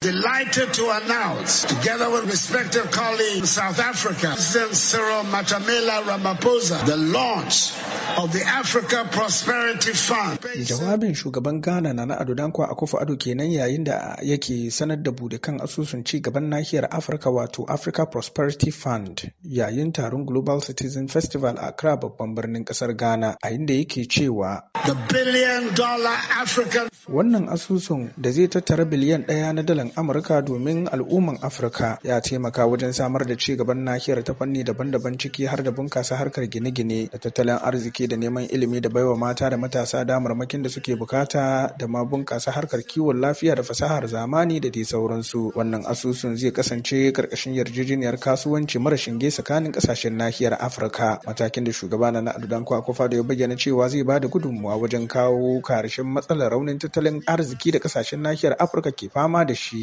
Delighted to announce, together with respected colleagues in South Africa, President Cyril Matamela Ramaphosa, the launch of the Africa Prosperity Fund. Jawabin shugaban Ghana na Ado kwa Akufo Ado kenan yayin da yake sanar da bude kan asusun ci gaban nahiyar Afirka wato Africa Prosperity Fund yayin taron Global Citizen Festival a Accra babban birnin kasar Ghana a inda yake cewa The billion dollar African Wannan asusun da zai tattara biliyan ɗaya na dalan shirin amurka domin al'umman afirka ya taimaka wajen samar da ci gaban nahiyar ta fanni daban-daban ciki har da bunkasa harkar gine-gine da tattalin arziki da neman ilimi da baiwa mata da matasa damarmakin da suke bukata da ma bunkasa harkar kiwon lafiya da fasahar zamani da dai sauransu wannan asusun zai kasance karkashin yarjejeniyar kasuwanci mara shinge tsakanin kasashen nahiyar afirka matakin da shugaba na adudan kwakofa da ya bayyana cewa zai ba da gudunmuwa wajen kawo karshen matsalar raunin tattalin arziki da kasashen nahiyar afirka ke fama da shi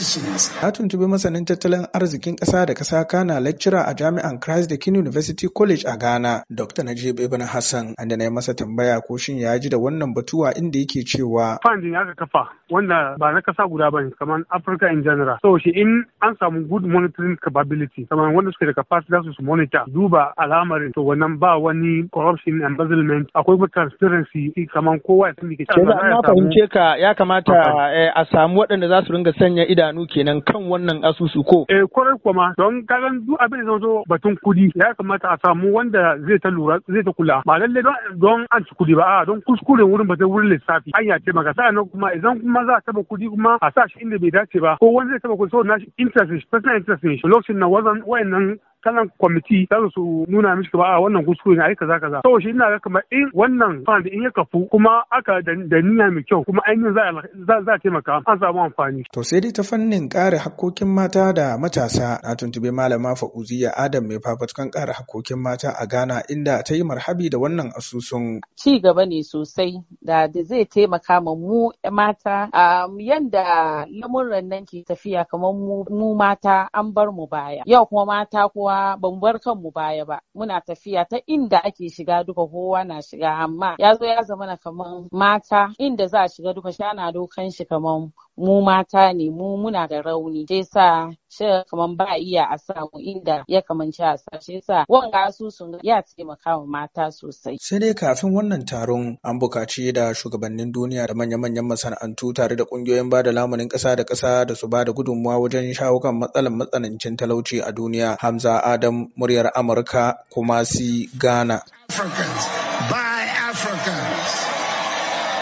shi. ya tuntubi masanin tattalin arzikin ƙasa da ƙasa kana lecturer a jami'an Christ the King University College a Ghana, Dr. Najib Ibn Hassan, inda na yi masa tambaya ko shin ya ji da wannan batuwa inda yake cewa. Fund ya ka kafa wanda ba na kasa guda ba ne kamar Africa in general. So shi in an samu good monitoring capability kamar wanda suke da capacity su monitor duba al'amarin to wannan ba wani corruption embezzlement akwai kuma transparency kamar kowa ya fahimce ka ya kamata eh, a samu waɗanda za su ringa sanya idanu kenan kan wannan asusu ko. Eh kwarar kuma don kagan duk abin da zo batun kudi ya kamata a samu wanda zai ta lura zai ta kula ba lalle don an ci kudi ba a don kuskuren wurin ba zai wurin lissafi an ya taimaka sa'annan kuma idan kuma za a taba kudi kuma a sa shi inda bai dace ba ko wani zai taba kudi so na interest personal interest shi lokacin na wayan wayannan kalan kwamiti za su nuna mishi ba a ah, wannan kuskure ne a kaza kaza saboda shi ina ga kamar in wannan fund in ya kafu kuma aka da niyya mai kyau kuma ainihin za za taimaka an samu amfani to sai dai ta fannin kare hakkokin mata da matasa na tuntube malama Fa'uziya Adam mai fafatukan kare hakokin mata a Ghana inda ta yi marhabi da wannan asusun ci gaba ne sosai da zai taimaka ma mu mata um, yanda lamuran nan ke tafiya kamar mu mata an bar mu baya yau kuma mata kowa kowa ban bar kanmu baya ba muna tafiya ta inda ake shiga duka kowa na shiga amma ya zo ya zama na kaman mata inda za a shiga duka shana dokan shi kaman mu mata ne mu muna da rauni sai sa shi kamar ba iya a samu inda ya kamanci a sa shi sa wanga asusun ya taimaka wa mata sosai sai dai kafin wannan taron an bukaci da shugabannin duniya da manya-manyan masana'antu tare da kungiyoyin ba da lamunin ƙasa da kasa da su ba da gudunmuwa wajen shawo kan matsalar matsanancin talauci a duniya hamza adam muryar amurka kuma si ghana